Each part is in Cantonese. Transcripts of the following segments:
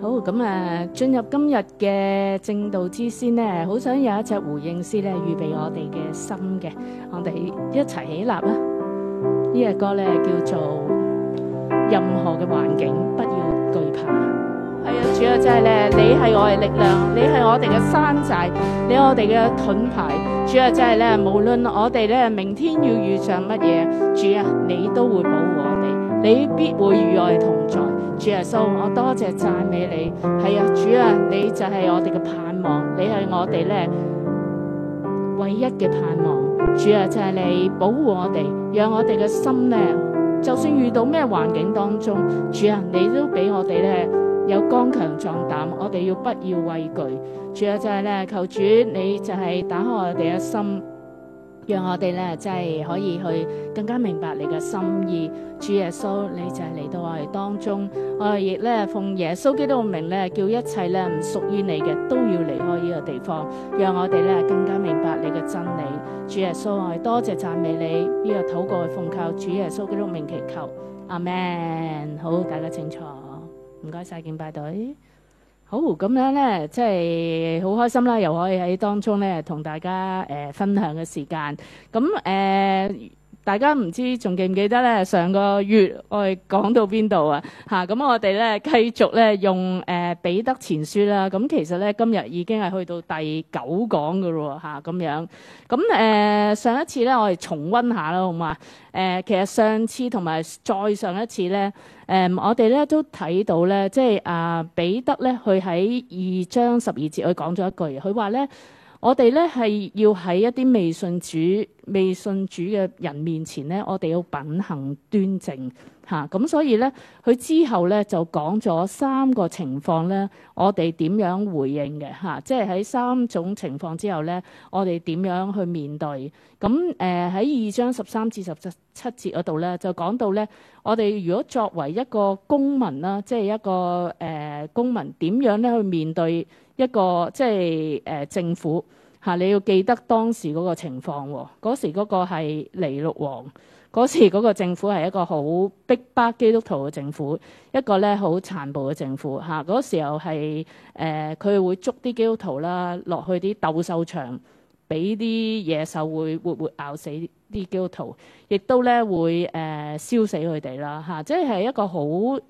好咁啊！進入今日嘅正道之先咧，好想有一隻回應詩咧，預備我哋嘅心嘅，我哋一齊起立啦！呢隻歌咧叫做《任何嘅環境不要懼怕》。係啊，主啊，真係咧，你係我嘅力量，你係我哋嘅山寨，你係我哋嘅盾牌。主啊，真係咧，無論我哋咧明天要遇上乜嘢，主啊，你都會保護我哋，你必會與我哋同在。主啊，so, 我多謝讚美你。是啊，主啊，你就是我哋嘅盼望，你是我哋呢唯一嘅盼望。主啊，就是你保護我哋，讓我哋嘅心呢，就算遇到咩環境當中，主啊，你都畀我哋呢有剛強壯膽，我哋要不要畏懼？主啊，就是呢，求主你就是打開我哋嘅心。讓我哋呢，真係可以去更加明白你嘅心意。主耶穌，你就係嚟到我哋當中。我哋亦呢奉耶穌基督名呢，呢叫一切呢唔屬於你嘅都要離開呢個地方。讓我哋呢更加明白你嘅真理。主耶穌，我哋多謝讚美你。呢、這個禱告奉靠主耶穌基督名祈求，阿門，好，大家請坐。唔該晒，敬拜隊。好，咁樣咧，即係好開心啦！又可以喺當中咧同大家誒、呃、分享嘅時間，咁、嗯、誒。呃大家唔知仲記唔記得咧？上個月我哋講到邊度啊？咁、啊、我哋咧繼續咧用誒彼得前書啦。咁其實咧今日已經係去到第九講噶喎。咁樣咁誒、啊、上一次咧我哋重溫下啦，好嘛？誒、啊、其實上次同埋再上一次咧誒、啊、我哋咧都睇到咧，即係啊彼得咧，佢喺二章十二節佢講咗一句，佢話咧我哋咧係要喺一啲未信主。未信主嘅人面前咧，我哋要品行端正吓，咁、啊、所以咧，佢之後咧就講咗三個情況咧，我哋點樣回應嘅吓、啊，即係喺三種情況之後咧，我哋點樣去面對，咁、啊、誒，喺二章十三至十七七節嗰度咧，就講到咧，我哋如果作為一個公民啦，即係一個誒、呃、公民，點樣咧去面對一個即係誒、呃、政府？嚇！你要記得當時嗰個情況喎，嗰時嗰個係尼祿王，嗰時嗰個政府係一個好逼迫基督徒嘅政府，一個咧好殘暴嘅政府。嚇！嗰時候係誒，佢會捉啲基督徒啦，落去啲鬥獸場，俾啲野獸會活活咬死啲基督徒，亦都咧會誒、呃、燒死佢哋啦。嚇、啊！即係一個好誒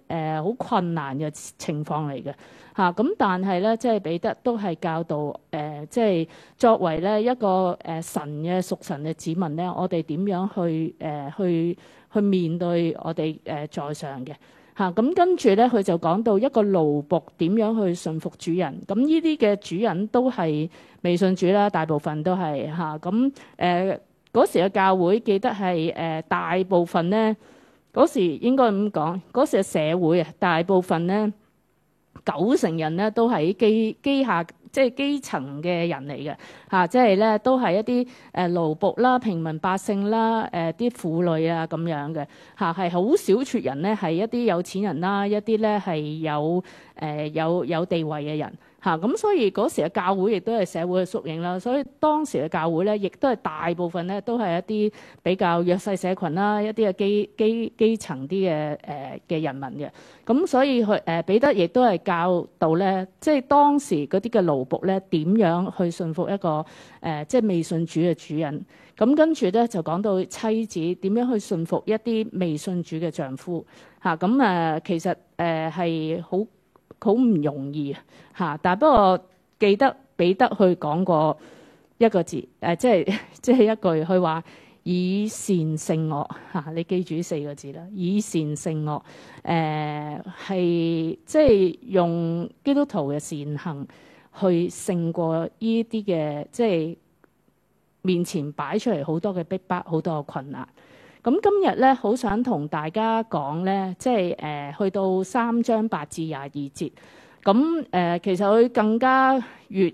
好困難嘅情況嚟嘅。嚇咁、嗯，但係咧，即係彼得都係教導誒、呃，即係作為咧一個誒、呃、神嘅屬神嘅子民咧，我哋點樣去誒、呃、去去面對我哋誒、呃、在上嘅嚇咁，跟住咧佢就講到一個奴僕點樣去順服主人，咁呢啲嘅主人都係未信主啦，大部分都係嚇咁誒嗰時嘅教會，記得係誒大部分咧嗰時應該咁講，嗰時嘅社會啊，大部分咧。九成人咧都係基基下即係基層嘅人嚟嘅吓，即係咧、啊、都係一啲誒勞僕啦、平民百姓啦、誒、呃、啲婦女啦啊，咁樣嘅吓，係好少撮人咧係一啲有錢人啦，一啲咧係有誒、呃、有有地位嘅人。嚇咁、啊、所以嗰時嘅教會亦都係社會嘅縮影啦，所以當時嘅教會咧，亦都係大部分咧都係一啲比較弱勢社群啦，一啲嘅基基基層啲嘅誒嘅人民嘅。咁所以佢誒彼得亦都係教導咧，即、就、係、是、當時嗰啲嘅奴僕咧點樣去信服一個誒、呃、即係未信主嘅主人。咁跟住咧就講到妻子點樣去信服一啲未信主嘅丈夫。嚇咁誒其實誒係好。呃好唔容易嚇，但不過記得彼得佢講過一個字，誒，即係即係一句，佢話以善勝惡嚇，你記住呢四個字啦，以善勝惡，誒，係即係用基督徒嘅善行去勝過呢啲嘅，即係面前擺出嚟好多嘅逼迫，好多嘅困難。咁今日咧，好想同大家講咧，即係誒去到三章八至廿二節，咁誒其實佢更加越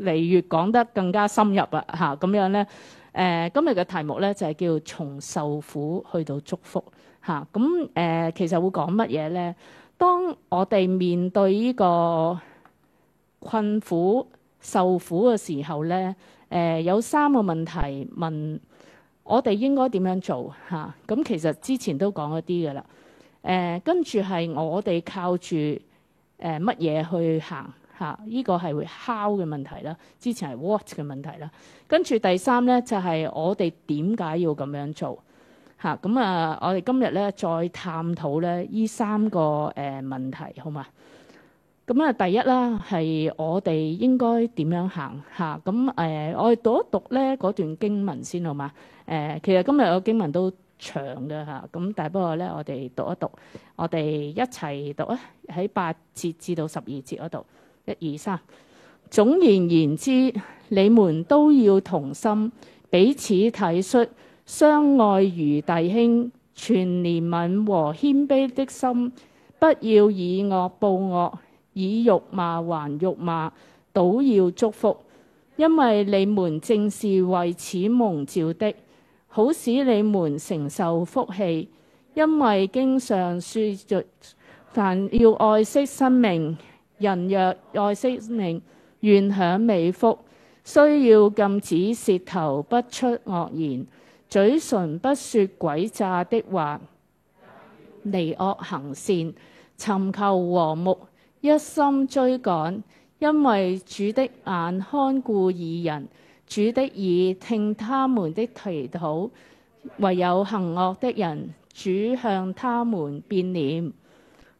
嚟越講得更加深入啦嚇，咁樣咧誒，今日嘅題目咧就係叫從受苦去到祝福嚇，咁誒其實會講乜嘢咧？當我哋面對呢個困苦受苦嘅時候咧，誒有三個問題問。我哋應該點樣做嚇？咁、啊、其實之前都講嗰啲嘅啦。誒、呃，跟住係我哋靠住誒乜嘢去行嚇？依、啊這個係會 how 嘅問題啦。之前係 what 嘅問題啦。跟住第三咧就係、是、我哋點解要咁樣做嚇？咁啊，啊，我哋今日咧再探討咧依三個誒、呃、問題，好嘛？咁啊，第一啦係我哋應該點樣行嚇？咁、啊、誒、啊，我哋讀一讀咧嗰段經文先，好嘛？誒，其實今日嘅經文都長㗎吓，咁但係不過咧，我哋讀一讀，我哋一齊讀啊！喺八節至到十二節嗰度，一二三。總而言之，你們都要同心，彼此體恤，相愛如弟兄，存憐憫和謙卑的心，不要以惡報惡，以辱罵還辱罵，倒要祝福，因為你們正是為此蒙召的。好使你們承受福氣，因為經常説著，凡要愛惜生命，人若愛惜命，願享美福。需要禁止舌頭不出惡言，嘴唇不説詭詐的話，離惡行善，尋求和睦，一心追趕，因為主的眼看顧義人。主的耳聽他們的祈禱，唯有行惡的人，主向他們變臉。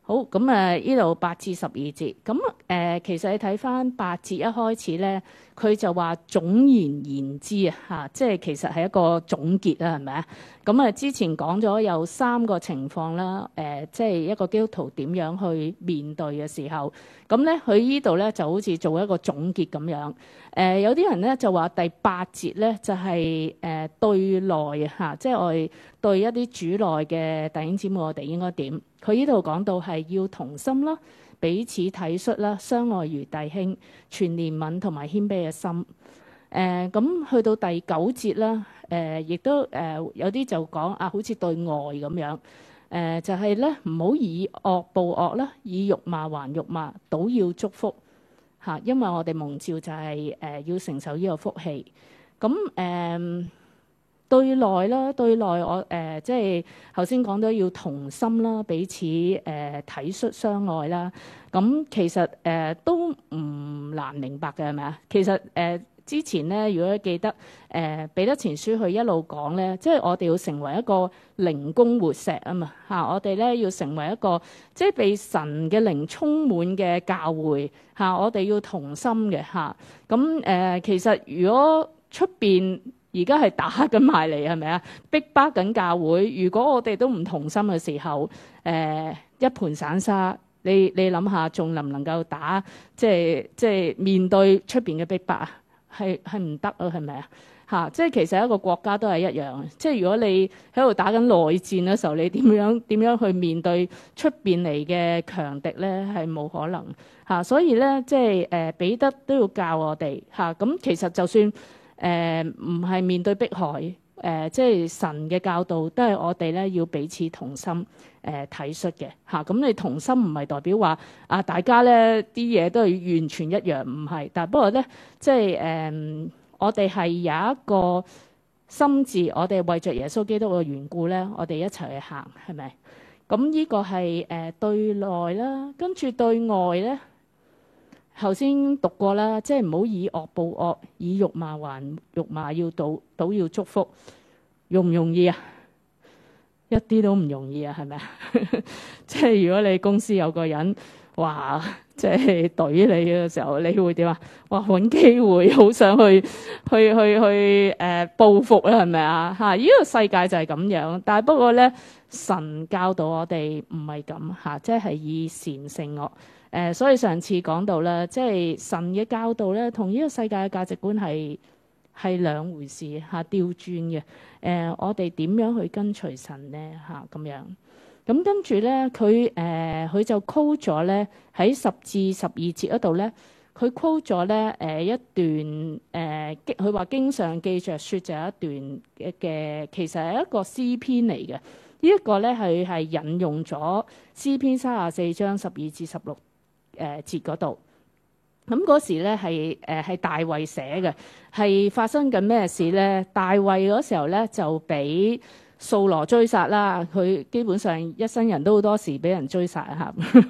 好，咁啊，呢度八至十二節咁誒、呃，其實你睇返八節一開始咧。佢就話總言言之啊，嚇，即係其實係一個總結啦，係咪啊？咁、嗯、啊，之前講咗有三個情況啦，誒、呃，即係一個基督徒點樣去面對嘅時候，咁咧佢呢度咧就好似做一個總結咁樣。誒、呃，有啲人咧就話第八節咧就係、是、誒、呃、對內啊，嚇，即係我哋對一啲主內嘅弟兄姊妹，我哋應該點？佢呢度講到係要同心啦。彼此體恤啦，相愛如弟兄，全憐憫同埋謙卑嘅心。咁、呃、去到第九節啦，亦、呃、都、呃、有啲就講啊，好似對外咁樣，呃、就係咧唔好以惡報惡啦，以辱罵還辱罵，都要祝福嚇，因為我哋蒙召就係、是呃、要承受呢個福氣。咁、呃、對內啦，對內我、呃、即係頭先講到要同心啦，彼此誒、呃、體恤相愛啦。咁、嗯、其實誒、呃、都唔難明白嘅係咪啊？其實誒、呃、之前咧，如果記得誒彼得前書去一路講咧，即係我哋要成為一個靈宮活石嘛，啊嘛，我哋咧要成為一個即係被神嘅靈充滿嘅教會吓、啊、我哋要同心嘅吓。咁，其實如果出邊。而家係打緊埋嚟係咪啊？逼迫緊教會，如果我哋都唔同心嘅時候，誒、呃、一盤散沙，你你諗下，仲能唔能夠打？即係即係面對出邊嘅逼迫啊？係係唔得啊？係咪啊？嚇！即係其實一個國家都係一樣。即係如果你喺度打緊內戰嘅時候，你點樣點樣去面對出邊嚟嘅強敵咧？係冇可能嚇、啊。所以咧，即係誒、呃、彼得都要教我哋嚇。咁、啊、其實就算。誒唔係面對迫害，誒即係神嘅教導，都係我哋咧要彼此同心誒、呃、體恤嘅嚇。咁、啊、你同心唔係代表話啊，大家咧啲嘢都係完全一樣，唔係。但不過咧，即係誒，我哋係有一個心智，我哋為着耶穌基督嘅緣故咧，我哋一齊去行，係咪？咁、嗯、呢、呢個係誒、呃、對內啦，跟住對外咧。頭先讀過啦，即係唔好以惡報惡，以辱罵還辱罵，要倒倒要祝福，容唔容易啊？一啲都唔容易啊，係咪啊？ 即係如果你公司有個人話即係懟你嘅時候，你會點啊？哇！揾機會好想去去去去誒、呃、報復啊，係咪啊？呢個世界就係咁樣，但係不過咧，神教導我哋唔係咁即係以善勝惡。誒、呃，所以上次講到啦，即係神嘅教導咧，同呢個世界嘅價值觀係係兩回事嚇，調轉嘅。誒、呃，我哋點樣去跟隨神呢？嚇、啊、咁樣咁跟住咧，佢誒佢就 quote 咗咧喺十至十二節嗰度咧，佢 quote 咗咧誒一段誒，佢、呃、話經常記着説就有一段嘅，其實係一個詩篇嚟嘅。這個、呢一個咧，佢係引用咗詩篇三十四章十二至十六。誒節嗰度，咁嗰時咧，係誒係大衛寫嘅，係發生緊咩事咧？大衛嗰時候咧就俾掃羅追殺啦。佢基本上一生人都好多時俾人追殺啊！嚇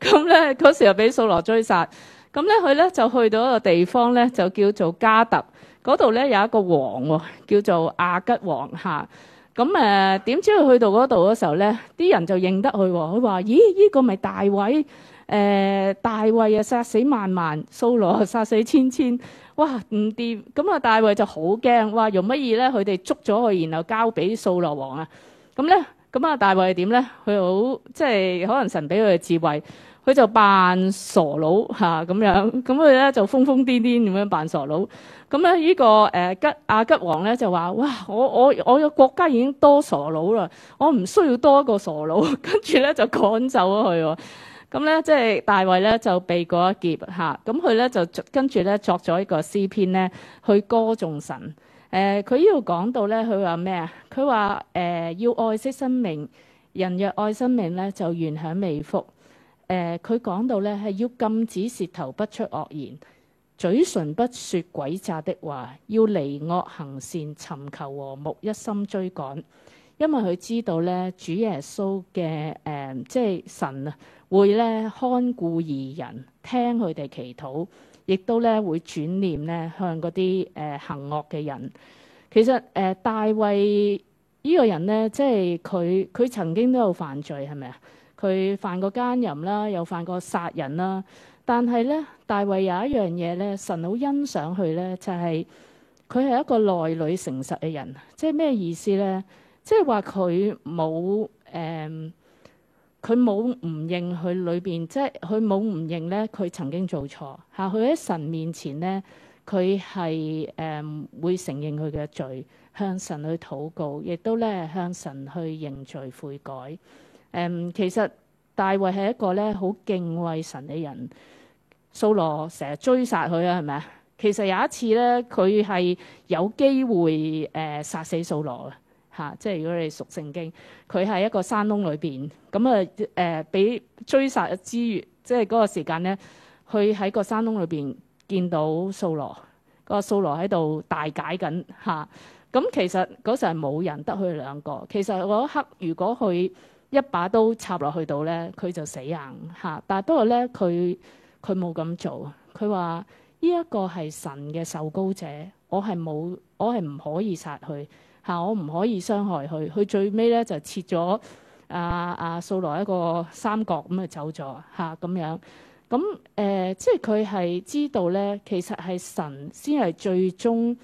咁咧，嗰時候俾掃羅追殺，咁咧佢咧就去到一個地方咧，就叫做加特，嗰度咧有一個王喎，叫做亞吉王嚇。咁誒點知佢去到嗰度嗰時候咧，啲人就認得佢，佢話：咦，呢個咪大衛？呃、大衛啊，殺死萬萬；掃羅殺死千千。哇，唔掂，咁啊大衛就好驚。哇，用乜嘢咧？佢哋捉咗佢，然後交俾掃羅王啊。咁咧，咁啊大衛點咧？佢好即係可能神俾佢嘅智慧，佢就扮傻佬吓咁、啊、樣。咁佢咧就瘋瘋癲癲咁樣扮傻佬。咁咧呢個誒、呃、吉、亞、吉王咧就話：哇！我我我個國家已經多傻佬啦，我唔需要多一個傻佬。跟住咧就趕走咗佢喎。咁咧，即係、就是、大衛咧就避過一劫嚇。咁佢咧就跟住咧作咗一個詩篇咧，去歌頌神。佢呢度講到咧，佢話咩啊？佢話、呃、要愛惜生命，人若愛生命咧，就願享美福。佢、呃、講到咧係要禁止舌頭不出惡言，嘴唇不說鬼詐的話，要離惡行善，尋求和睦，一心追趕。因為佢知道咧，主耶穌嘅即係神啊。會咧看顧義人，聽佢哋祈禱，亦都咧會轉念咧向嗰啲誒行惡嘅人。其實誒、呃、大衛呢個人咧，即係佢佢曾經都有犯罪係咪啊？佢犯過姦淫啦，又犯過殺人啦。但係咧，大衛有一樣嘢咧，神好欣賞佢咧，就係佢係一個內裏誠實嘅人。即係咩意思咧？即係話佢冇誒。呃佢冇唔認佢裏邊，即係佢冇唔認咧，佢曾經做錯吓。佢喺神面前咧，佢係誒會承認佢嘅罪，向神去禱告，亦都咧向神去認罪悔改。誒、嗯，其實大衛係一個咧好敬畏神嘅人，掃羅成日追殺佢啊，係咪啊？其實有一次咧，佢係有機會誒、呃、殺死掃羅嘅。嚇、啊！即係如果你熟聖經，佢喺一個山窿裏邊，咁啊誒，俾、呃、追殺之餘，即係嗰個時間咧，佢喺個山窿裏邊見到掃羅，嗰個掃羅喺度大解緊嚇。咁、啊、其實嗰陣冇人得佢兩個，其實嗰一刻如果佢一把刀插落去到咧，佢就死硬嚇、啊。但係不過咧，佢佢冇咁做，佢話呢一個係神嘅受膏者，我係冇，我係唔可以殺佢。嚇！我唔可以傷害佢，佢最尾咧就切咗阿阿掃羅一個三角咁啊走咗嚇咁樣。咁誒、呃，即係佢係知道咧，其實係神先係最終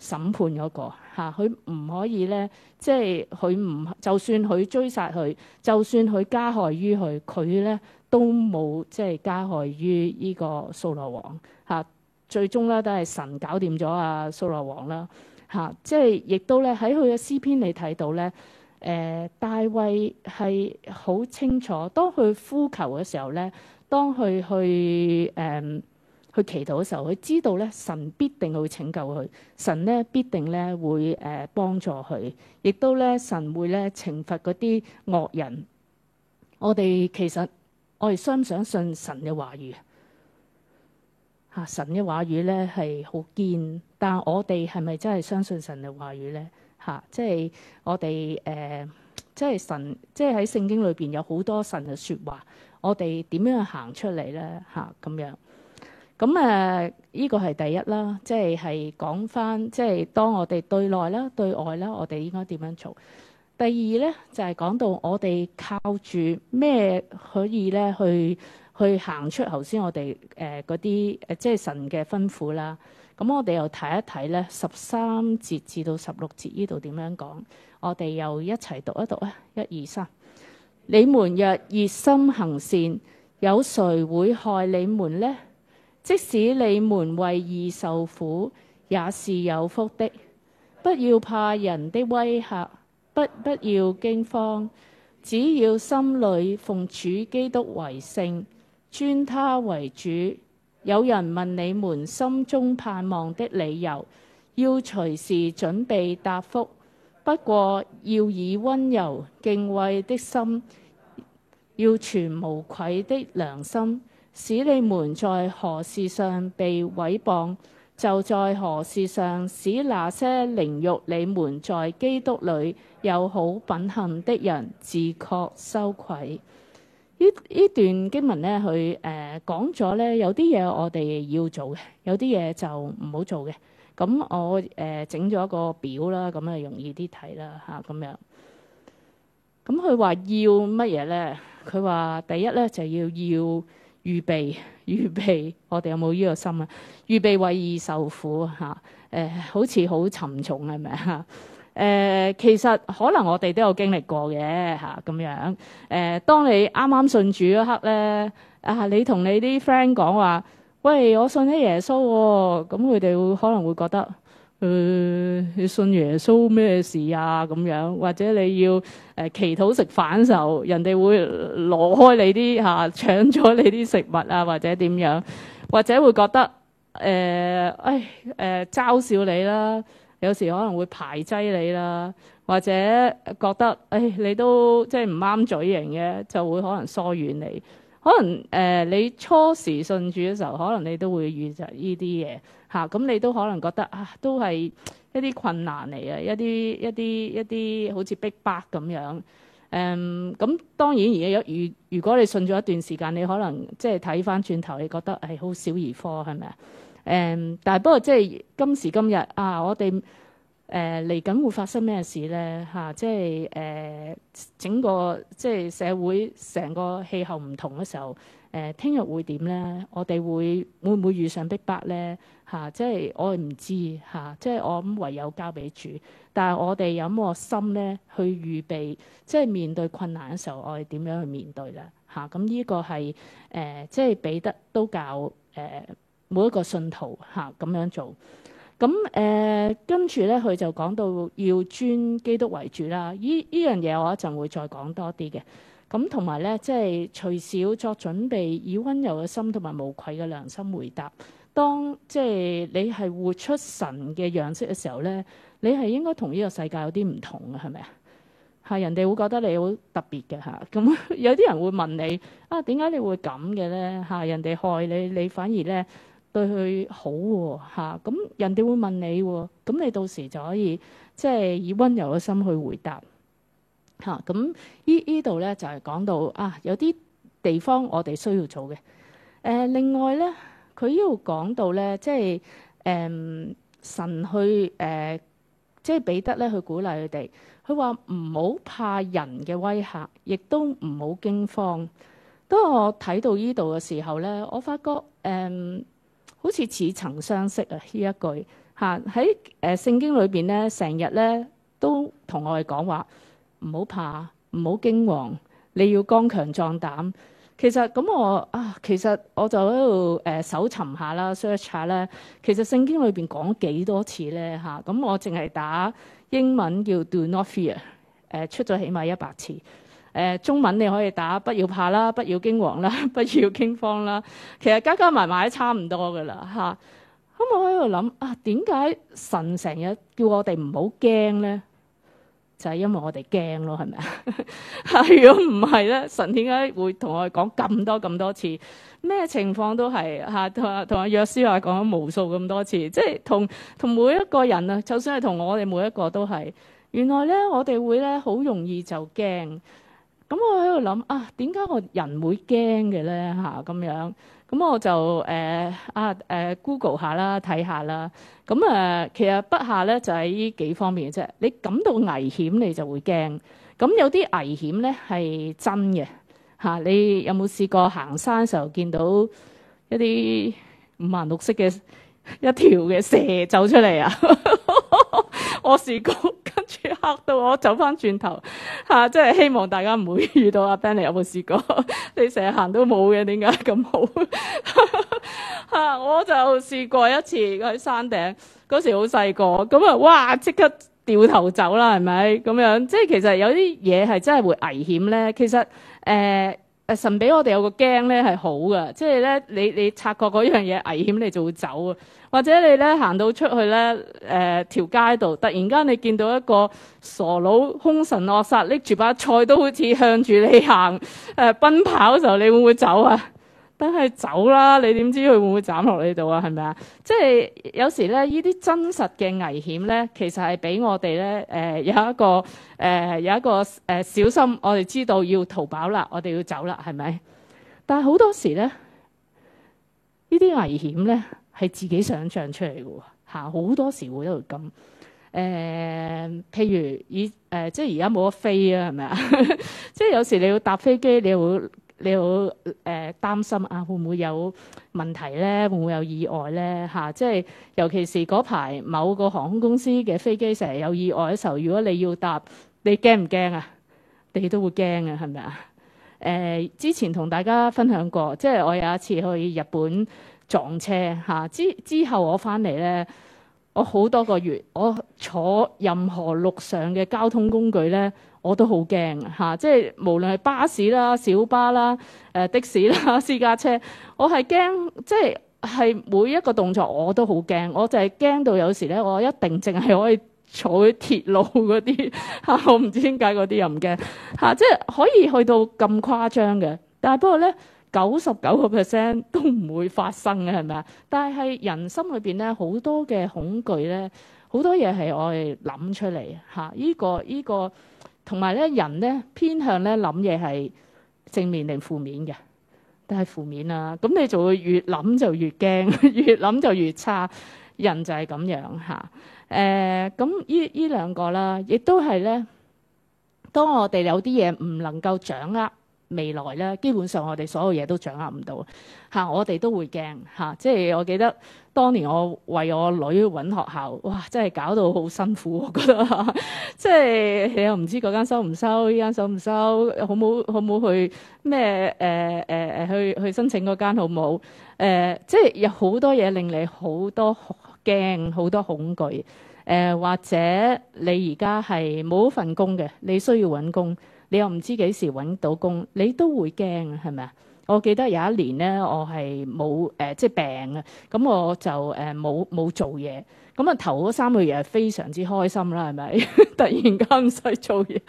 審判嗰、那個，佢唔、啊、可以咧，即係佢唔就算佢追殺佢，就算佢加害於佢，佢咧都冇即係加害於呢個掃羅王嚇、啊。最終咧都係神搞掂咗阿掃羅王啦。吓、啊，即係亦都咧喺佢嘅詩篇你睇到咧，誒、呃，大衛係好清楚，當佢呼求嘅時候咧，當佢去誒去、呃、祈禱嘅時候，佢知道咧神必定會拯救佢，神咧必定咧會誒、呃、幫助佢，亦都咧神會咧懲罰嗰啲惡人。我哋其實我哋相唔相信神嘅話語？嚇、啊、神嘅話語咧係好堅，但我哋係咪真係相信神嘅話語咧？嚇、啊，即係我哋誒、呃，即係神，即係喺聖經裏邊有好多神嘅説話，我哋點樣行出嚟咧？嚇、啊，咁樣。咁誒，呢個係第一啦，即係係講返，即係當我哋對內啦、對外啦，我哋應該點樣做？第二咧就係、是、講到我哋靠住咩可以咧去。去行出頭先，我哋誒嗰啲誒即係神嘅吩咐啦。咁我哋又睇一睇咧，十三節至到十六節呢度點樣講？我哋又一齊讀一讀啊！一二三，你們若熱心行善，有誰會害你們呢？即使你們為義受苦，也是有福的。不要怕人的威嚇，不不要驚慌，只要心裡奉主基督為聖。尊他為主。有人問你們心中盼望的理由，要隨時準備答覆。不過要以温柔敬畏的心，要全無愧的良心，使你們在何事上被毀謗，就在何事上使那些凌辱你們在基督裡有好品行的人自覺羞愧。呢呢段經文咧，佢誒講咗咧，有啲嘢我哋要做嘅，有啲嘢就唔好做嘅。咁我誒整咗一個表啦，咁啊容易啲睇啦嚇咁樣。咁佢話要乜嘢咧？佢話第一咧就要要預備預備，我哋有冇呢個心啊？預備為義受苦嚇誒，好似好沉重係咪啊？誒、呃、其實可能我哋都有經歷過嘅咁、啊、樣誒、呃，當你啱啱信主嗰刻咧啊，你同你啲 friend 講話，喂我信咗耶穌喎、哦，咁佢哋可能會覺得，誒、呃、你信耶穌咩事啊咁樣，或者你要、呃、祈禱食飯時候，人哋會攞開你啲嚇、啊、搶咗你啲食物啊，或者點樣，或者會覺得誒，唉、呃、誒、哎呃、嘲笑你啦。有時可能會排擠你啦，或者覺得誒、哎、你都即係唔啱嘴型嘅，就會可能疏遠你。可能誒、呃、你初時信住嘅時候，可能你都會遇著呢啲嘢嚇，咁、啊、你都可能覺得啊，都係一啲困難嚟嘅，一啲一啲一啲好似逼迫咁樣。誒、嗯、咁當然而家如如果你信咗一段時間，你可能即係睇返轉頭，你覺得係好、哎、小兒科係咪啊？是誒、嗯，但係不過即係今時今日啊，我哋誒嚟緊會發生咩事咧？嚇、啊，即係誒、呃、整個即係社會成個氣候唔同嘅時候，誒聽日會點咧？我哋會會唔會遇上逼迫咧？嚇、啊，即係我唔知嚇、啊，即係我諗唯有交俾主。但係我哋有冇個心咧去預備？即係面對困難嘅時候，我哋點樣去面對咧？嚇、啊，咁呢個係誒、呃，即係彼得都教誒。呃每一個信徒嚇咁、啊、樣做，咁誒跟住咧，佢、呃、就講到要尊基督為主啦。依呢樣嘢我一陣會，會再講多啲嘅。咁同埋咧，即係隨時要作準備，以温柔嘅心同埋無愧嘅良心回答。當即係、就是、你係活出神嘅樣式嘅時候咧，你係應該同呢個世界有啲唔同嘅，係咪啊？嚇，人哋會覺得你好特別嘅嚇。咁、啊、有啲人會問你啊，點解你會咁嘅咧？嚇、啊、人哋害你，你反而咧～對佢好喎、啊，咁、啊、人哋會問你喎、啊，咁你到時就可以即係、就是、以温柔嘅心去回答嚇。咁依依度咧就係、是、講到啊，有啲地方我哋需要做嘅。誒、呃、另外咧，佢依度講到咧，即係誒、嗯、神去誒、呃、即係彼得咧去鼓勵佢哋，佢話唔好怕人嘅威嚇，亦都唔好驚慌。當我睇到依度嘅時候咧，我發覺誒。嗯好似似曾相識啊！呢一句嚇喺誒聖經裏邊咧，成日咧都同我哋講話唔好怕，唔好驚惶，你要剛強壯膽。其實咁我啊，其實我就喺度誒搜尋下啦，search 下咧。其實聖經裏邊講幾多次咧嚇？咁、啊、我淨係打英文叫 Do not fear，誒、呃、出咗起碼一百次。誒、呃、中文你可以打，不要怕啦，不要驚惶啦，不要驚慌啦。其實加加埋埋都差唔多噶啦嚇。咁我喺度諗啊，點解、啊、神成日叫我哋唔好驚咧？就係、是、因為我哋驚咯，係咪 啊？如果唔係咧，神點解會同我哋講咁多咁多次咩情況都係嚇，同同阿約書亞講咗無數咁多次，即係同同每一個人啊，就算係同我哋每一個都係原來咧，我哋會咧好容易就驚。咁我喺度諗啊，點解我人會驚嘅咧嚇咁樣？咁我就誒啊誒，Google 下啦，睇下啦。咁誒，其實不下咧就喺呢幾方面嘅啫。你感到危險，你就會驚。咁有啲危險咧係真嘅嚇。你有冇試過行山嘅時候見到一啲五顏六色嘅一條嘅蛇走出嚟啊？我試過。 嚇到我走翻轉頭嚇！即、啊、係希望大家唔會遇到阿 Benny 有冇試過？ 你成日行都冇嘅，點解咁好？嚇、 啊！我就試過一次，喺山頂嗰時好細個，咁啊哇！即刻掉頭走啦，係咪咁樣？即係其實有啲嘢係真係會危險咧。其實誒誒、呃，神俾我哋有個驚咧係好㗎，即係咧你你察覺嗰樣嘢危險，你就會走啊。或者你咧行到出去咧，誒、呃、條街度，突然間你見到一個傻佬兇神惡煞拎住把菜刀，好似向住你行誒奔跑嘅時候，你會唔會走啊？梗係走啦！你點知佢會唔會斬落你度啊？係咪啊？即係有時咧，呢啲真實嘅危險咧，其實係俾我哋咧誒有一個誒、呃、有一個誒、呃呃、小心，我哋知道要逃跑啦，我哋要走啦，係咪？但係好多時咧，呢啲危險咧。係自己想象出嚟嘅喎，嚇好多時都會一路咁。誒、呃，譬如以誒、呃，即係而家冇得飛啊，係咪啊？ 即係有時你要搭飛機，你會你會誒、呃、擔心啊，會唔會有問題咧？會唔會有意外咧？嚇、啊，即係尤其是嗰排某個航空公司嘅飛機成日有意外嘅時候，如果你要搭，你驚唔驚啊？你都會驚啊，係咪啊？誒、呃，之前同大家分享過，即係我有一次去日本。撞車嚇，之之後我翻嚟咧，我好多個月，我坐任何陸上嘅交通工具咧，我都好驚嚇。即係無論係巴士啦、小巴啦、誒的士啦、私家車，我係驚，即係係每一個動作我都好驚。我就係驚到有時咧，我一定淨係可以坐啲鐵路嗰啲嚇，我唔知點解嗰啲又唔驚嚇。即係可以去到咁誇張嘅，但係不過咧。九十九個 percent 都唔會發生嘅，係咪啊？但係人心裏邊咧，好多嘅恐懼咧，好多嘢係我哋諗出嚟吓。呢個呢個，同埋咧，人咧偏向咧諗嘢係正面定負面嘅，但係負面啦。咁你就會越諗就越驚，越諗就越差，人就係咁樣吓。誒，咁呢呢兩個啦，亦都係咧，當我哋有啲嘢唔能夠掌握。未來咧，基本上我哋所有嘢都掌握唔到、啊、我哋都會驚、啊、即係我記得當年我為我女揾學校，哇！真係搞到好辛苦，我覺得、啊、即係又唔知嗰間收唔收，依間收唔收，好唔好好唔好去咩、呃呃、去去申請嗰間好唔好、呃、即係有好多嘢令你好多驚，好多恐懼、呃、或者你而家係冇份工嘅，你需要揾工。你又唔知幾時揾到工，你都會驚嘅，係咪啊？我記得有一年咧，我係冇、呃、即係病啊，咁我就冇冇做嘢，咁、呃、啊頭嗰三個月係非常之開心啦，係咪？ 突然間唔使做嘢，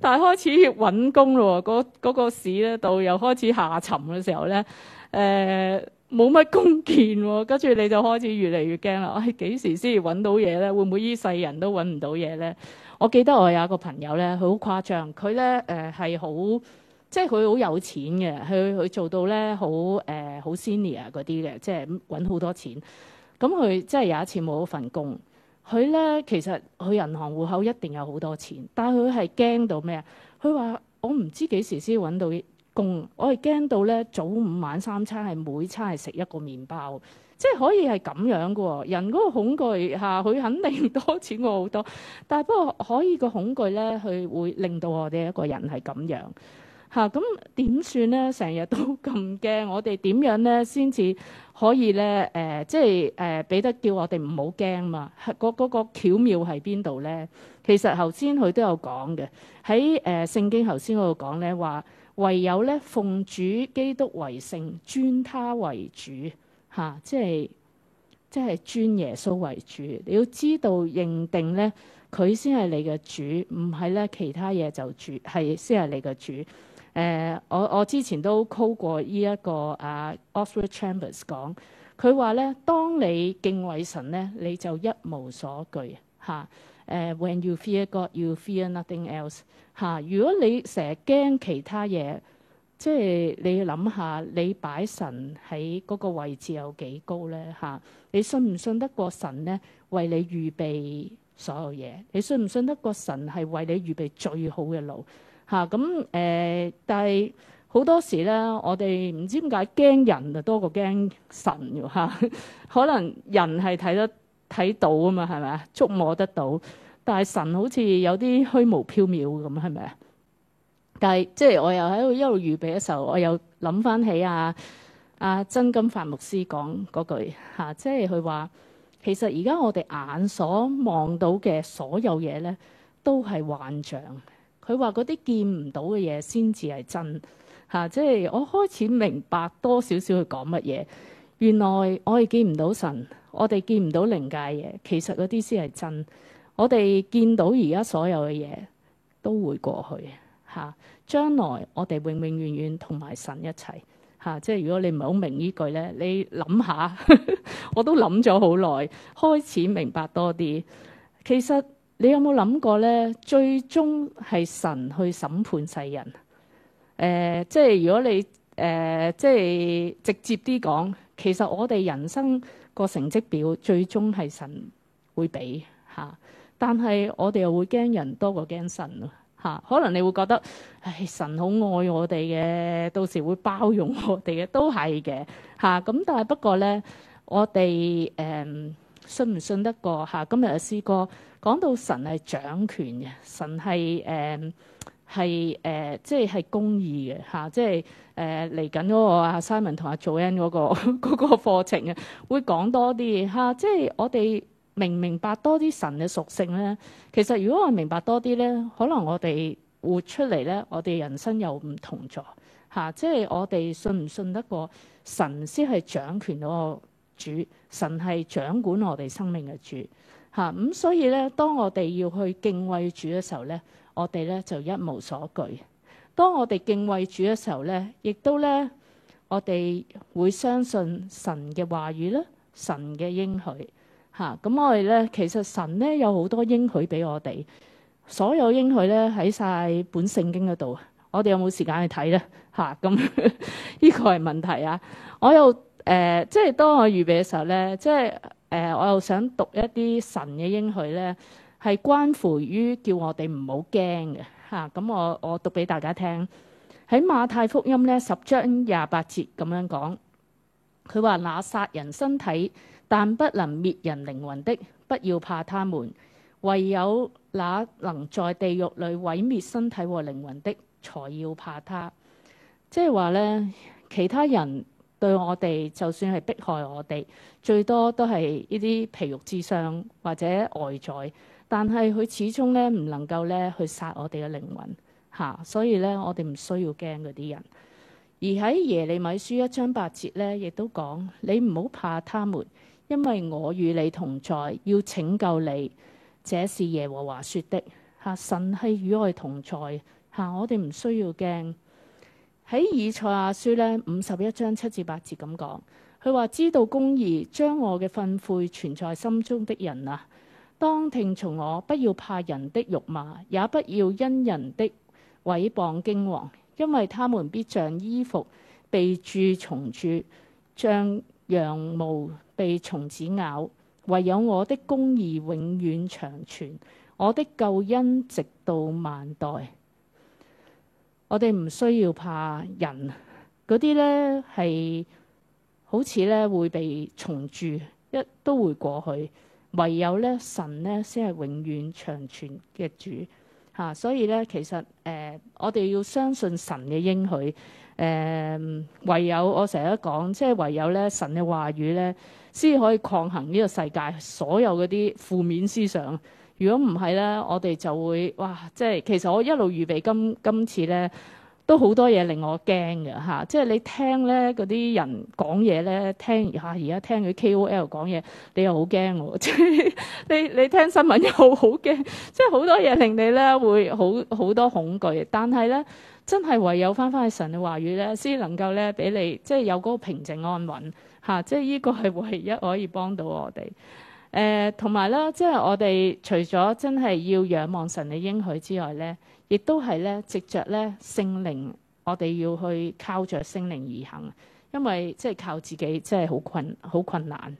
但係開始揾工咯，嗰嗰、嗰個市咧度又開始下沉嘅時候咧，誒冇乜工建喎，跟住、啊、你就開始越嚟越驚啦。我係幾時先揾到嘢咧？會唔會一世人都揾唔到嘢咧？我記得我有一個朋友咧，佢好誇張，佢咧誒係好即係佢好有錢嘅，佢佢做到咧好誒好 senior 嗰啲嘅，即係揾好多錢。咁佢即係有一次冇咗份工，佢咧其實去銀行戶口一定有好多錢，但係佢係驚到咩？佢話我唔知幾時先揾到工，我係驚到咧早午晚三餐係每餐係食一個麵包。即係可以係咁樣嘅喎。哦，人嗰個恐懼嚇，佢、啊、肯定多錢過好多，但係不過可以個恐懼咧，佢會令到我哋一個人係咁樣嚇。咁點算咧？成日都咁驚，我哋點樣咧先至可以咧？誒、呃，即係誒，彼得叫我哋唔好驚嘛？嗰嗰、嗰個巧妙喺邊度咧？其實頭先佢都有講嘅，喺誒、呃、聖經頭先嗰度講咧話，唯有咧奉主基督為聖，尊他為主。嚇！即係即係尊耶穌為主，你要知道認定咧，佢先係你嘅主，唔係咧其他嘢就主係先係你嘅主。誒、呃，我我之前都 call 過、這個 uh, 呢一個阿 Oswald Chambers 講，佢話咧，當你敬畏神咧，你就一無所懼嚇。誒，when you fear God，you fear nothing else 嚇。如果你成日驚其他嘢，即係你要諗下，你擺神喺嗰個位置有幾高咧？吓、啊，你信唔信得過神咧？為你預備所有嘢，你信唔信得過神係為你預備最好嘅路？吓、啊，咁誒、呃，但係好多時咧，我哋唔知點解驚人就多過驚神。吓、啊，可能人係睇得睇到啊嘛，係咪啊？觸摸得到，但係神好似有啲虛無縹緲咁，係咪啊？但係即係我又喺度一路預備嘅時候，我又諗翻起阿、啊、阿、啊、曾金發牧師講嗰句，嚇、啊，即係佢話其實而家我哋眼所望到嘅所有嘢咧，都係幻象。佢話嗰啲見唔到嘅嘢先至係真，嚇、啊，即係我開始明白多少少佢講乜嘢。原來我哋見唔到神，我哋見唔到靈界嘢，其實嗰啲先係真。我哋見到而家所有嘅嘢都會過去嚇。啊將來我哋永永遠遠同埋神一齊吓、啊，即係如果你唔係好明呢句咧，你諗下，我都諗咗好耐，開始明白多啲。其實你有冇諗過咧？最終係神去審判世人。誒、呃，即係如果你誒、呃，即係直接啲講，其實我哋人生個成績表最終係神會俾吓、啊，但係我哋又會驚人多過驚神咯。嚇，可能你會覺得，唉、哎，神好愛我哋嘅，到時會包容我哋嘅，都係嘅，嚇、啊、咁。但係不過咧，我哋誒、嗯、信唔信得過嚇、啊？今日、呃呃、啊，詩哥講到神係掌權嘅，神係誒係誒，即係係公義嘅嚇，即係誒嚟緊嗰個阿 Simon 同阿 Joanne 嗰個嗰個課程啊，會講多啲嚇，即係我哋。明唔明白多啲神嘅屬性咧，其實如果我明白多啲呢，可能我哋活出嚟呢，我哋人生又唔同咗吓、啊。即係我哋信唔信得過神先係掌權嗰個主，神係掌管我哋生命嘅主吓。咁、啊、所以呢，當我哋要去敬畏主嘅時候呢，我哋呢就一無所懼。當我哋敬畏主嘅時候呢，亦都呢，我哋會相信神嘅話語咧，神嘅應許。啊，咁我哋咧，其實神咧有好多應許俾我哋，所有應許咧喺晒本聖經嗰度。我哋有冇時間去睇咧？吓、啊，咁呢個係問題啊！我又誒、呃，即係當我預備嘅時候咧，即係誒、呃，我又想讀一啲神嘅應許咧，係關乎於叫我哋唔好驚嘅吓。咁、啊、我我讀俾大家聽喺馬太福音咧十章廿八節咁樣講，佢話那殺人身體。但不能滅人靈魂的，不要怕他們。唯有那能在地獄裏毀滅身體和靈魂的，才要怕他。即係話咧，其他人對我哋就算係迫害我哋，最多都係呢啲皮肉之傷或者外在，但係佢始終咧唔能夠咧去殺我哋嘅靈魂，啊，所以咧我哋唔需要驚嗰啲人。而喺耶利米書一章八節咧，亦都講你唔好怕他們。因為我與你同在，要拯救你。這是耶和華說的。神係與我同在。我哋唔需要驚。喺以賽亞書呢五十一章七至八節咁講，佢話：知道公義將我嘅訓誨存在心中的人啊，當聽從我，不要怕人的辱罵，也不要因人的毀謗驚惶，因為他們必像衣服被蛀蟲蛀，像羊毛。被蟲子咬，唯有我的公義永遠長存，我的救恩直到萬代。我哋唔需要怕人，嗰啲咧係好似咧會被蟲蛀，一都會過去。唯有咧神咧先係永遠長存嘅主。啊、所以咧，其實誒、呃，我哋要相信神嘅應許。誒、呃，唯有我成日都講，即係唯有咧，神嘅話語咧，先可以抗衡呢個世界所有嗰啲負面思想。如果唔係咧，我哋就會哇！即係其實我一路預備今今次咧。都好多嘢令我驚嘅吓，即係你聽咧嗰啲人講嘢咧，聽吓而家聽佢 KOL 講嘢，你又好驚喎！即係你你聽新聞又好驚，即係好多嘢令你咧會好好多恐懼。但係咧，真係唯有翻翻去神嘅話語咧，先能夠咧俾你即係有嗰個平靜安穩吓、啊，即係呢個係唯一可以幫到我哋。誒、呃，同埋啦即係我哋除咗真係要仰望神嘅應許之外咧。亦都係咧，藉着咧聖靈，我哋要去靠着聖靈而行，因為即係靠自己，即係好困好困難。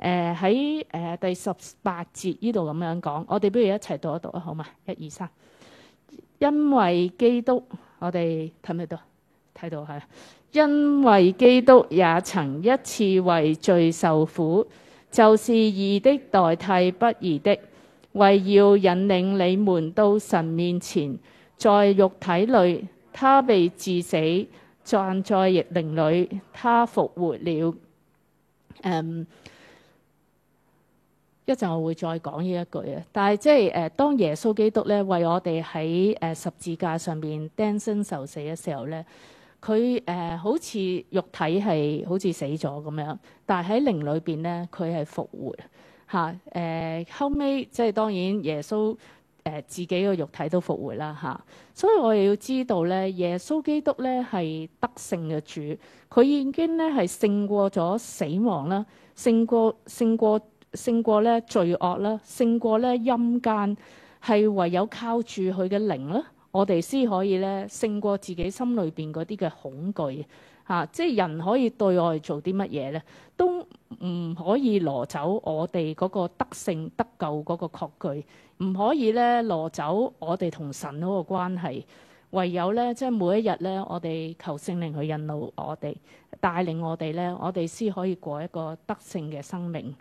誒喺誒，第十八節呢度咁樣講，我哋不如一齊讀一讀啊，好嘛？一、二、三。因為基督，我哋睇唔睇到？睇到係。因為基督也曾一次為罪受苦，就是義的代替不義的。為要引領你們到神面前，在肉體裏他被治死，但在靈裏他復活了。嗯，一陣我會再講呢一句。但係即係誒，當耶穌基督咧為我哋喺誒十字架上面釘身受死嘅時候咧，佢誒好似肉體係好似死咗咁樣，但係喺靈裏邊咧佢係復活。嚇、呃、後尾，即係當然耶穌誒、呃、自己個肉體都復活啦嚇，所以我哋要知道咧耶穌基督咧係得勝嘅主，佢已經咧係勝過咗死亡啦，勝過勝過勝過咧罪惡啦，勝過咧陰間，係唯有靠住佢嘅靈啦我哋先可以咧勝過自己心裏面嗰啲嘅恐懼。吓、啊！即係人可以對外做啲乜嘢咧，都唔可以攞走我哋嗰個得勝得救嗰個確據，唔可以咧攞走我哋同神嗰個關係。唯有咧，即係每一日咧，我哋求聖靈去引導我哋帶領我哋咧，我哋先可以過一個得勝嘅生命。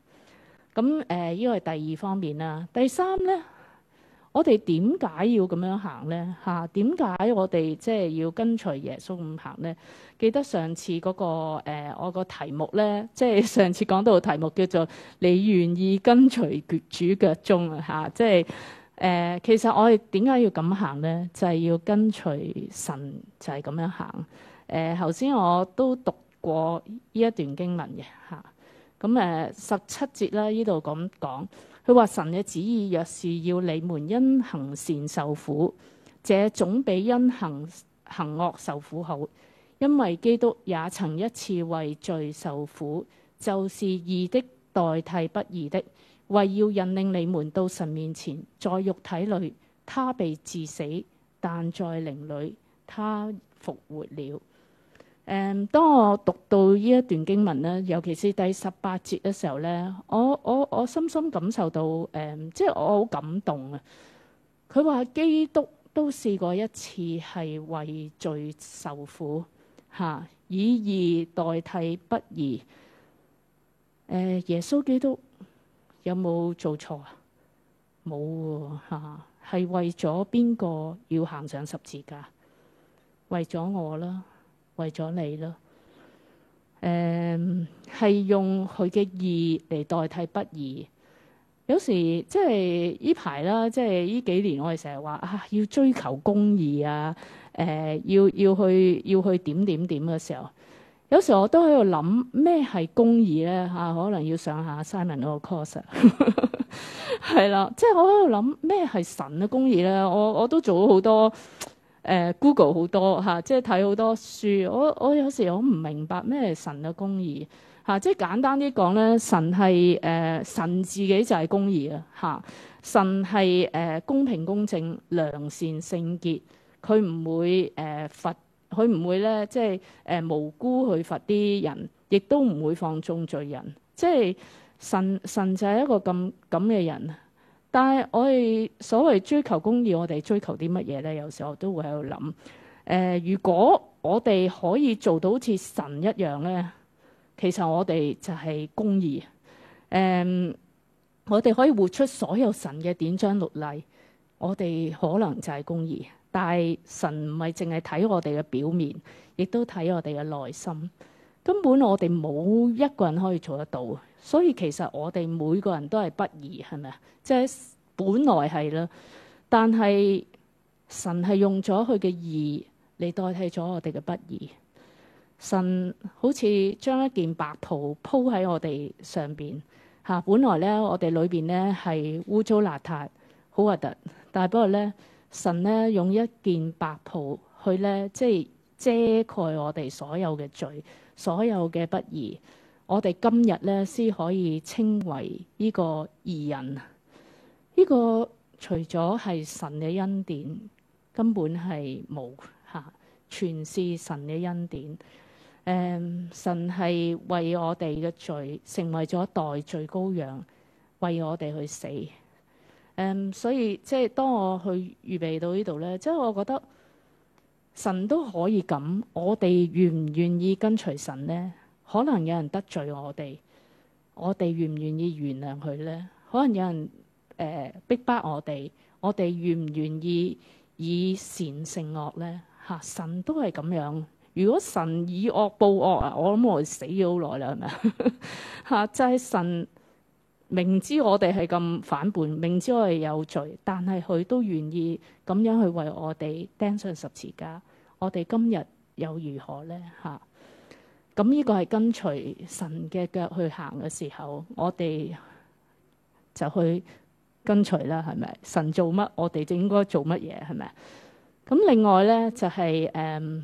咁誒，呢個係第二方面啦。第三咧。我哋點解要咁樣行咧？嚇，點解我哋即係要跟隨耶穌咁行咧？記得上次嗰、那個、呃、我個題目咧，即、就、係、是、上次講到個題目叫做你願意跟隨主腳蹤啊？嚇、就是，即係誒，其實我哋點解要咁行咧？就係、是、要跟隨神，就係咁樣行。誒、呃，頭先我都讀過呢一段經文嘅嚇，咁誒十七節啦，呢度咁講。呃佢話：神嘅旨意若是要你們因行善受苦，這總比因行行惡受苦好，因為基督也曾一次為罪受苦，就是義的代替不義的，為要引領你們到神面前。在肉體裏他被治死，但在靈裏他復活了。誒，um, 當我讀到呢一段經文咧，尤其是第十八節嘅時候咧，我我我深深感受到誒，um, 即係我好感動啊！佢話基督都試過一次係為罪受苦吓，啊，以義代替不義，啊，耶穌基督有冇做錯啊？冇吓，啊，係，啊，為咗邊個要行上十字架？為咗我啦。為咗你咯，誒、嗯，係用佢嘅義嚟代替不義。有時即係呢排啦，即係呢幾年我說，我哋成日話啊，要追求公義啊，誒、啊，要要去要去點點點嘅時候，有時我都喺度諗咩係公義咧吓、啊，可能要上下 Simon 嗰個 course 係啦，即係我喺度諗咩係神嘅公義咧，我我都做咗好多。誒、嗯、Google 好多嚇、啊，即係睇好多書。我我有時候我唔明白咩神嘅公義嚇、啊，即係簡單啲講咧，神係誒、啊、神自己就係公義啊嚇，神係誒、啊、公平公正、良善聖潔，佢唔會誒、啊、罰，佢唔會咧即係誒、啊、無辜去罰啲人，亦都唔會放縱罪人。即係神神就係一個咁咁嘅人。但係我哋所謂追求公義，我哋追求啲乜嘢咧？有時候我都會喺度諗，誒，如果我哋可以做到好似神一樣咧，其實我哋就係公義。誒，我哋可以活出所有神嘅典章律例，我哋可能就係公義。但係神唔係淨係睇我哋嘅表面，亦都睇我哋嘅內心。根本我哋冇一個人可以做得到。所以其實我哋每個人都係不義，係咪啊？即係本來係啦，但係神係用咗佢嘅義嚟，代替咗我哋嘅不義。神好似將一件白袍鋪喺我哋上邊吓，本來咧我哋裏邊咧係污糟邋遢，好核突，但係不過咧神咧用一件白袍去咧，即係遮蓋我哋所有嘅罪，所有嘅不義。我哋今日咧，先可以稱為呢個義人。呢、這個除咗係神嘅恩典，根本係冇吓，全是神嘅恩典。誒、嗯，神係為我哋嘅罪，成為咗代罪羔羊，為我哋去死。誒、嗯，所以即係當我去預備到呢度咧，即係我覺得神都可以咁，我哋願唔願意跟隨神呢？可能有人得罪我哋，我哋願唔願意原諒佢呢？可能有人、呃、逼迫我哋，我哋願唔願意以善勝惡呢？啊、神都係咁樣，如果神以惡報惡，我我 啊，我諗我死咗好耐啦，係咪就係、吓、神明知我哋係咁反叛，明知我哋有罪，但係佢都願意咁樣去為我哋釘上十字架。我哋今日又如何呢？吓、啊。咁呢個係跟隨神嘅腳去行嘅時候，我哋就去跟隨啦，係咪？神做乜，我哋就應該做乜嘢，係咪？咁另外咧就係誒，睇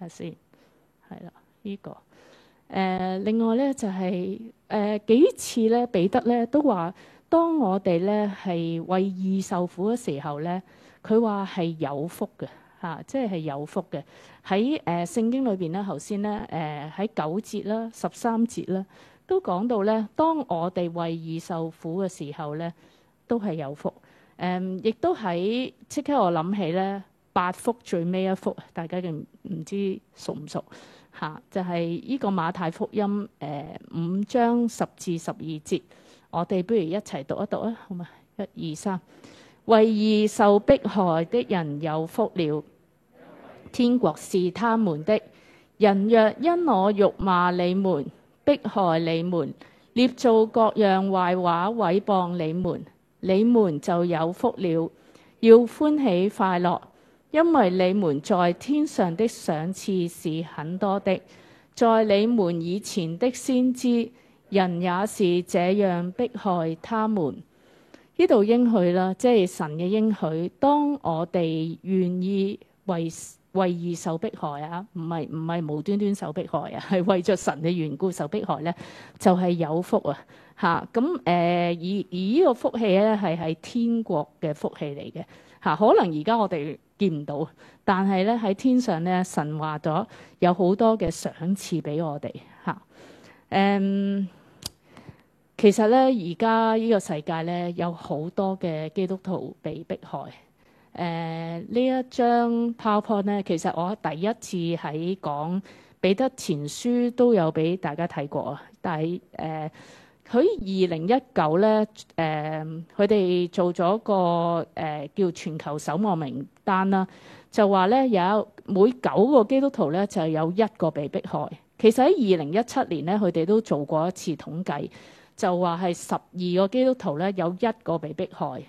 下先，係啦，呢個誒，另外咧就係誒幾次咧彼得咧都話，當我哋咧係為義受苦嘅時候咧，佢話係有福嘅吓、啊，即係係有福嘅。喺誒聖經裏邊咧，頭先咧誒喺九節啦、十三節啦，都講到咧，當我哋為義受苦嘅時候咧，都係有福。誒、嗯，亦都喺即刻我諗起咧八福最尾一福，大家嘅唔知熟唔熟嚇、啊？就係、是、呢個馬太福音誒、呃、五章十至十二節，我哋不如一齊讀一讀啊！好嘛，一、二、三，為義受迫害的人有福了。天國是他們的。人若因我辱罵你們、迫害你們、捏造各樣壞話、毀謗你們，你們就有福了，要歡喜快樂，因為你們在天上的賞賜是很多的。在你們以前的先知，人也是這樣迫害他們。呢度應許啦，即係神嘅應許。當我哋願意為為義受迫害啊，唔係唔係無端端受迫害啊，係為着神嘅緣故受迫害咧，就係、是、有福啊！吓咁誒，而而呢個福氣咧係喺天國嘅福氣嚟嘅吓，可能而家我哋見唔到，但係咧喺天上咧神話咗有好多嘅賞賜俾我哋吓。誒、啊嗯，其實咧而家呢個世界咧有好多嘅基督徒被迫害。誒呢、呃、一張 PowerPoint 咧，其實我第一次喺講彼得前書都有俾大家睇過啊！但係誒喺二零一九咧，誒佢哋做咗個誒叫全球守望名單啦，就話咧有每九個基督徒咧就有一個被迫害。其實喺二零一七年咧，佢哋都做過一次統計，就話係十二個基督徒咧有一個被迫害。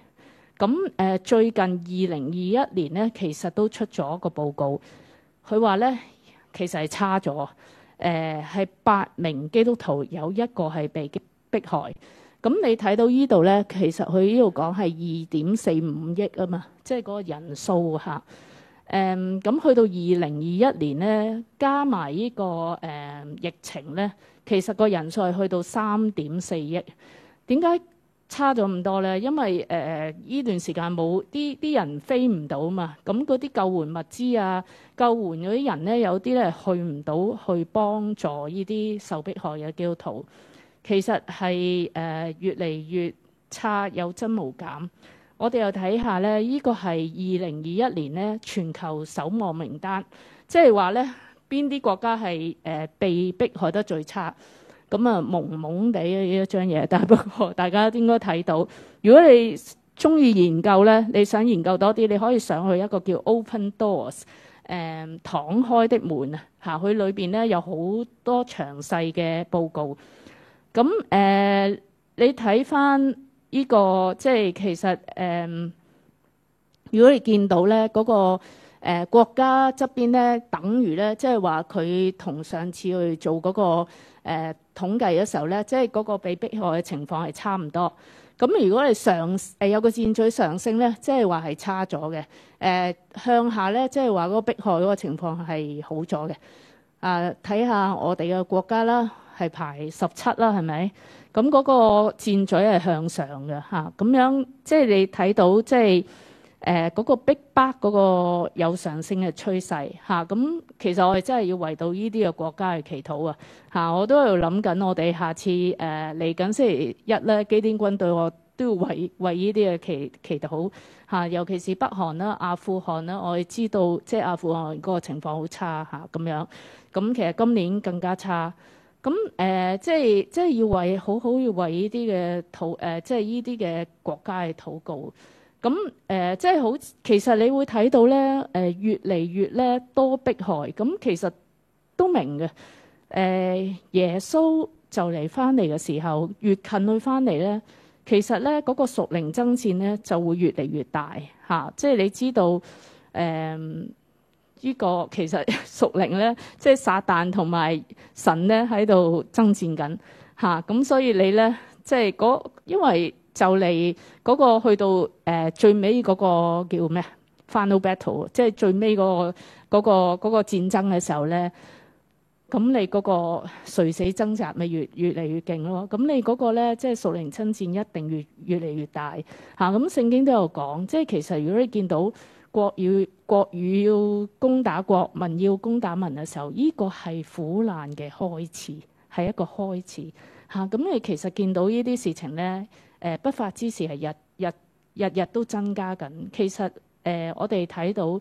咁誒最近二零二一年咧，其實都出咗個報告，佢話咧其實係差咗，誒係八名基督徒有一個係被迫害。咁你睇到依度咧，其實佢依度講係二點四五億啊嘛，即係嗰個人數吓。誒咁去到二零二一年咧，加埋依個誒疫情咧，其實個人數係去到三點四億。點解？差咗咁多呢，因為、呃、呢段時間冇啲啲人飛唔到嘛，咁嗰啲救援物資啊、救援嗰啲人呢，有啲咧去唔到去幫助呢啲受迫害嘅基督徒，其實係、呃、越嚟越差，有增無減。我哋又睇下呢，呢、呢個係二零二一年呢全球守望名單，即係話呢邊啲國家係、呃、被迫害得最差。咁啊，朦朦地嘅呢一張嘢，但不過大家應該睇到。如果你中意研究呢，你想研究多啲，你可以上去一個叫 Open Doors，誒、嗯，敞開的門啊。嚇，佢裏邊呢有好多詳細嘅報告。咁、呃、你睇翻呢個即係其實、嗯、如果你見到呢嗰、那個國、呃、國家側邊呢，等於呢，即係話佢同上次去做嗰、那個。誒、呃、統計嘅時候咧，即係嗰個被迫害嘅情況係差唔多。咁如果你上、呃、有個箭嘴上升咧，即係話係差咗嘅。誒、呃、向下咧，即係話嗰個迫害嗰個情況係好咗嘅。啊、呃，睇下我哋嘅國家啦，係排十七啦，係咪？咁嗰個箭嘴係向上嘅咁、啊、樣，即係你睇到即係。誒嗰、呃那個逼迫嗰個有上升嘅趨勢嚇，咁、啊、其實我係真係要為到呢啲嘅國家去祈禱啊！嚇，我都喺度諗緊我哋下次誒嚟緊星期一咧，基甸軍隊我都要為為呢啲嘅祈祈禱嚇、啊，尤其是北韓啦、阿富汗啦，我係知道即係、就是、阿富汗嗰個情況好差嚇，咁、啊、樣，咁其實今年更加差，咁誒即係即係要為好好要為呢啲嘅禱誒，即係呢啲嘅國家去禱告。咁誒、呃，即係好，其實你會睇到咧，誒、呃、越嚟越咧多迫害。咁其實都明嘅。誒、呃、耶穌就嚟返嚟嘅時候，越近佢返嚟咧，其實咧嗰、那個屬靈爭戰咧就會越嚟越大嚇。即係你知道誒呢、呃這個其實屬靈咧，即係撒旦同埋神咧喺度爭戰緊嚇。咁所以你咧即係嗰因為。就嚟嗰個去到誒、呃、最尾嗰個叫咩 Final Battle，即係最尾嗰、那個嗰、那個嗰、那個、戰爭嘅時候咧。咁你嗰個垂死掙扎咪越越嚟越勁咯。咁你嗰個咧，即係屬靈爭戰一定越越嚟越大嚇。咁、啊、聖經都有講，即係其實如果你見到國要國與要攻打國民，民要攻打民嘅時候，呢、這個係苦難嘅開始，係一個開始嚇。咁、啊、你其實見到呢啲事情咧。呃、不法之事係日日日，日日都增加緊，其實誒、呃、我哋睇到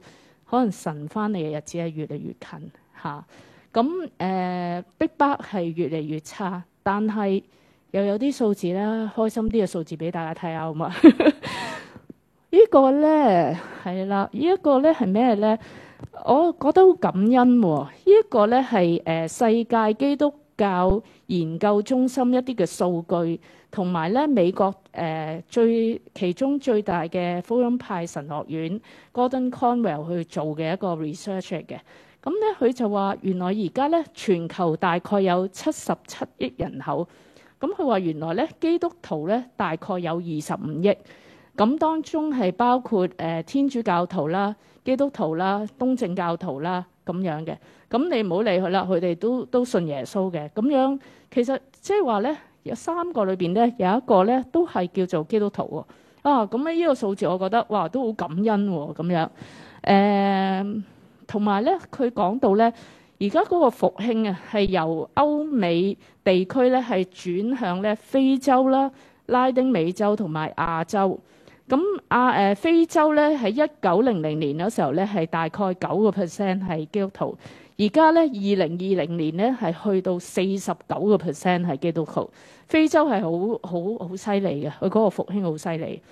可能神返嚟嘅日子係越嚟越近嚇，咁誒逼迫係越嚟越差，但係又有啲數字咧，開心啲嘅數字俾大家睇下，好嘛？ 個呢個咧係啦，呢個、呢一個咧係咩咧？我覺得好感恩喎、啊，依、呢、一個咧係誒世界基督。教研究中心一啲嘅數據，同埋咧美國誒、呃、最其中最大嘅福音派神學院 Gordon Conwell 去做嘅一個 research 嚟嘅。咁咧佢就話，原來而家咧全球大概有七十七億人口。咁佢話原來咧基督徒咧大概有二十五億，咁當中係包括誒、呃、天主教徒啦、基督徒啦、東正教徒啦咁樣嘅。咁你唔好理佢啦，佢哋都都信耶穌嘅咁樣。其實即係話咧，有三個裏邊咧有一個咧都係叫做基督徒喎。啊，咁咧呢個數字，我覺得哇都好感恩喎咁樣。誒，同埋咧佢講到咧，而家嗰個復興啊係由歐美地區咧係轉向咧非洲啦、拉丁美洲同埋亞洲。咁啊誒非洲咧喺一九零零年嗰時候咧係大概九個 percent 係基督徒。而家咧，二零二零年咧係去到四十九個 percent 係基督徒。非洲係好好好犀利嘅，佢嗰個復興好犀利。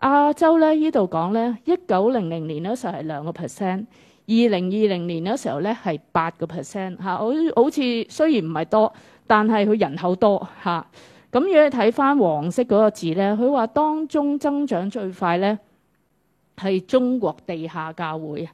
亞洲咧，呢度講咧，一九零零年嗰時候係兩個 percent，二零二零年嗰時候咧係八個 percent 嚇，好好似雖然唔係多，但係佢人口多嚇。咁、啊、如果你睇翻黃色嗰個字咧，佢話當中增長最快咧係中國地下教會。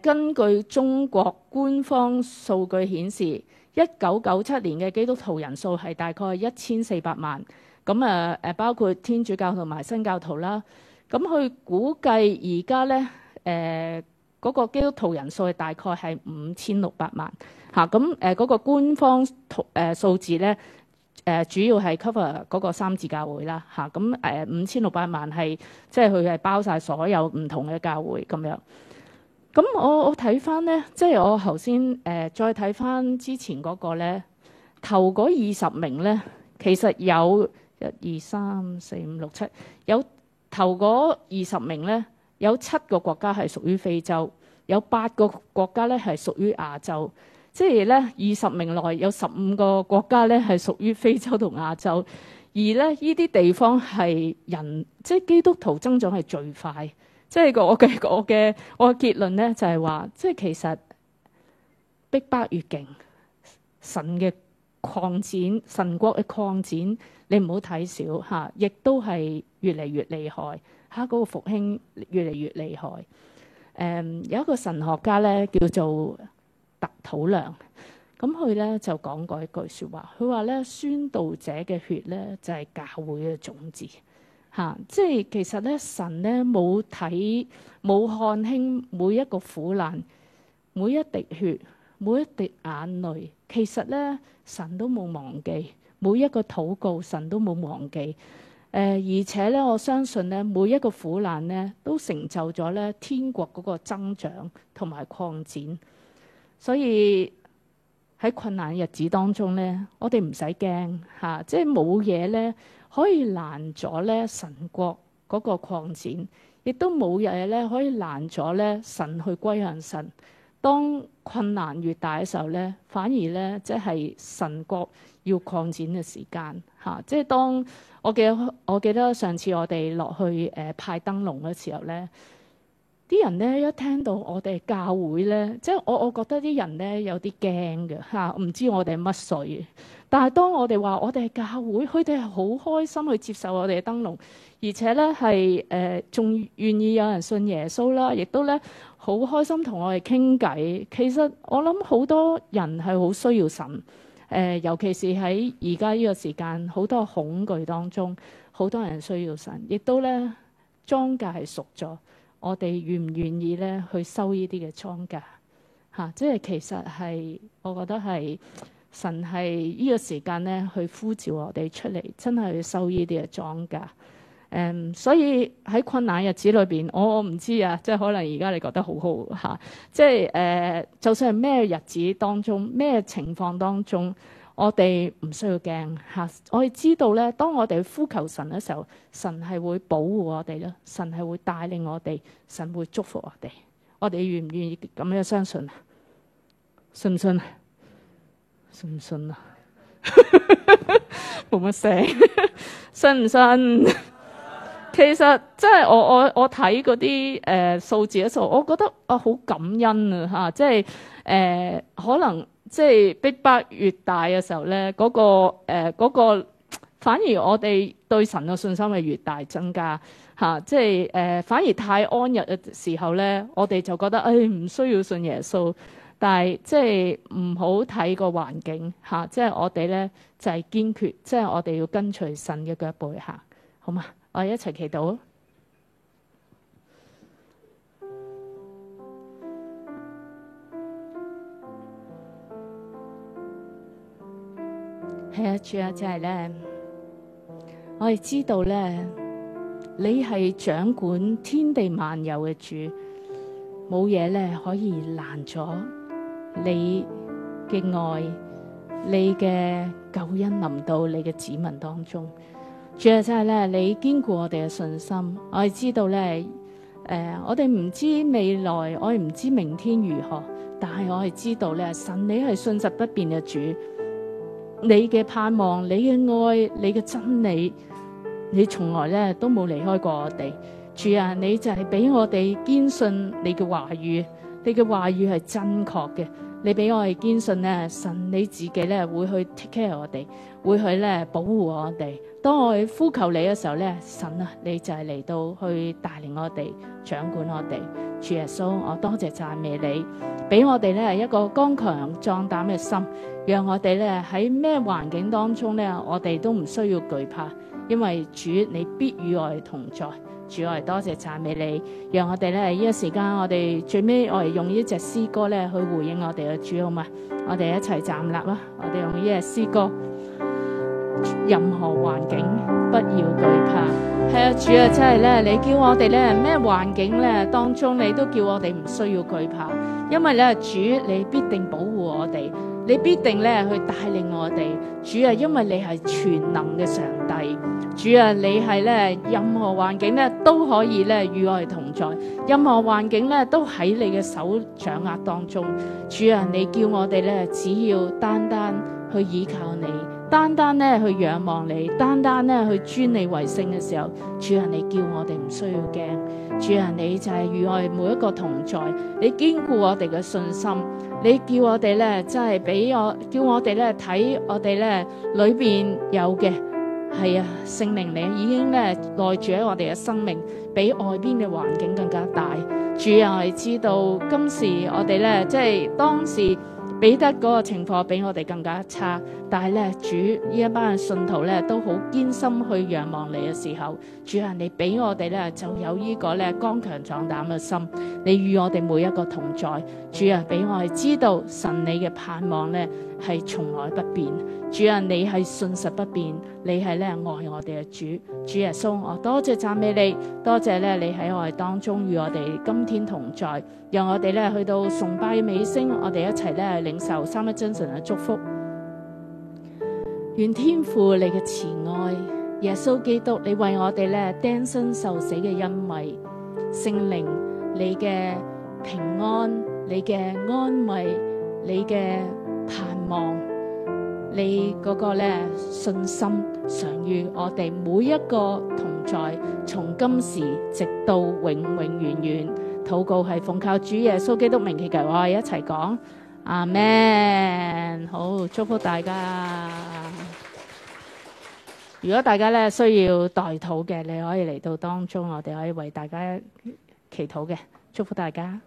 根據中國官方數據顯示，一九九七年嘅基督徒人數係大概一千四百萬。咁啊誒包括天主教徒同埋新教徒啦。咁佢估計而家呢誒嗰個基督徒人數大概係五千六百萬，嚇，咁誒嗰個官方誒數字呢，誒主要係 cover 嗰個三自教會啦，嚇，咁誒五千六百萬係即係佢係包晒所有唔同嘅教會咁樣。咁我我睇翻呢，即係我頭先誒再睇翻之前嗰個呢，頭嗰二十名呢，其實有一二三四五六七，1, 2, 3, 4, 5, 6, 7, 有頭嗰二十名呢，有七個國家係屬於非洲，有八個國家呢係屬於亞洲，即係呢二十名內有十五個國家呢係屬於非洲同亞洲，而呢呢啲地方係人即係基督徒增長係最快。即係我嘅，我嘅，我嘅結論咧，就係、是、話，即係其實逼迫越勁，神嘅擴展，神國嘅擴展，你唔好睇少嚇，亦、啊、都係越嚟越厲害嚇，嗰、啊那個復興越嚟越厲害。誒、嗯、有一個神學家咧叫做特土良，咁佢咧就講過一句説話，佢話咧宣道者嘅血咧就係、是、教會嘅種子。嚇、啊！即係其實咧，神咧冇睇冇看輕每一個苦難，每一滴血，每一滴眼淚。其實咧，神都冇忘記每一個禱告，神都冇忘記。誒、呃，而且咧，我相信咧，每一個苦難咧，都成就咗咧天國嗰個增長同埋擴展。所以喺困難日子當中咧，我哋唔使驚嚇，即係冇嘢咧。可以難咗咧神國嗰個擴展，亦都冇嘢咧可以難咗咧神去歸向神。當困難越大嘅時候咧，反而咧即係神國要擴展嘅時間嚇、啊。即係當我記得，我記得上次我哋落去誒、呃、派燈籠嘅時候咧。啲人咧一聽到我哋教會咧，即係我我覺得啲人咧有啲驚嘅嚇，唔知我哋係乜水。但係當我哋話我哋係教會，佢哋係好開心去接受我哋嘅燈籠，而且咧係誒仲願意有人信耶穌啦，亦都咧好開心同我哋傾偈。其實我諗好多人係好需要神誒、呃，尤其是喺而家呢個時間好多恐懼當中，好多人需要神，亦都咧莊稼係熟咗。我哋願唔願意咧去收呢啲嘅莊稼吓，即係其實係，我覺得係神係呢個時間咧去呼召我哋出嚟，真係去收呢啲嘅莊稼。誒、嗯，所以喺困難日子裏邊，我我唔知啊，即係可能而家你覺得好好吓、啊，即係誒、呃，就算係咩日子當中，咩情況當中。我哋唔需要驚吓，我哋知道咧。當我哋呼求神嘅時候，神係會保護我哋咯，神係會帶領我哋，神會祝福我哋。我哋願唔願意咁樣相信啊？信唔信啊？信唔信啊？冇 乜聲，信唔信？其實即係我我我睇嗰啲誒數字咧，數我覺得啊好、呃、感恩啊吓，即係誒、呃、可能。即係逼迫，迫越大嘅時候咧，嗰、那個誒、呃那個反而我哋對神嘅信心係越大增加吓、啊。即係誒、呃，反而太安逸嘅時候咧，我哋就覺得誒唔、哎、需要信耶穌。但係即係唔好睇個環境吓、啊，即係我哋咧就係、是、堅決，即係我哋要跟隨神嘅腳步去行，好嘛？我哋一齊祈禱。係啊，主啊，即係咧，我係知道咧，你係掌管天地萬有嘅主，冇嘢咧可以攔阻你嘅愛，你嘅救恩臨到你嘅子民當中。主啊，即係咧，你堅固我哋嘅信心。我係知道咧，誒、呃，我哋唔知未來，我唔知明天如何，但係我係知道咧，神你係信實不變嘅主。你的盼望，你的愛，你的真理，你從來咧都冇離開過我哋。主啊，你就是俾我哋堅信你的話語，你的話語是真確的。你俾我哋堅信咧，神你自己咧會去 take care 我哋，會去咧保護我哋。當我去呼求你的時候咧，神啊，你就係嚟到去帶領我哋，掌管我哋。主耶穌，我多謝讚美你，俾我哋咧係一個剛強壯膽的心。讓我哋咧喺咩環境當中咧，我哋都唔需要懼怕，因為主你必與我們同在。主，我哋多謝讚美你，讓我哋呢，呢個時間我哋我哋最尾我哋用呢隻詩歌咧去回應我哋嘅主好嘛？我哋一齊站立啦，我哋用呢隻詩歌。任何環境不要懼怕，係啊！主啊，真係咧，你叫我哋呢咩環境咧當中，你都叫我哋唔需要懼怕，因為咧主你必定保護我哋。你必定呢去帶領我哋，主啊，因為你係全能嘅上帝，主啊，你係呢任何環境呢都可以呢與我哋同在，任何環境呢都喺你嘅手掌握當中。主啊，你叫我哋呢只要單單去依靠你，單單呢去仰望你，單單呢去尊你為聖嘅時候，主啊，你叫我哋唔需要驚。主啊，你就係與我哋每一個同在，你堅固我哋嘅信心，你叫我哋呢，真係俾我叫我哋呢睇我哋呢裏面有嘅。係啊，聖靈你已經咧內住喺我哋嘅生命，比外邊嘅環境更加大。主啊，係知道今時我哋呢，即係當時彼得嗰個情況比我哋更加差，但係呢，主呢一班信徒呢，都好堅心去仰望你嘅時候，主啊，你俾我哋呢，就有這個呢個咧剛強壯膽嘅心，你與我哋每一個同在。主啊，俾我係知道神你嘅盼望呢，係從來不變。主任，你係信實不變，你係呢愛我哋嘅主，主耶穌，我多謝讚美你，多謝呢，你喺我哋當中與我哋今天同在，讓我哋呢去到崇拜尾聲，我哋一齊咧領受三一真神嘅祝福，願天父你嘅慈愛，耶穌基督，你為我哋呢釘身受死嘅恩惠，聖靈你嘅平安，你嘅安慰，你嘅盼望。你嗰個咧信心，常與我哋每一個同在，從今時直到永永遠遠。禱告係奉靠主耶穌基督名祈求，我哋一齊講，阿門。好，祝福大家。如果大家咧需要代禱嘅，你可以嚟到當中，我哋可以為大家祈禱嘅。祝福大家。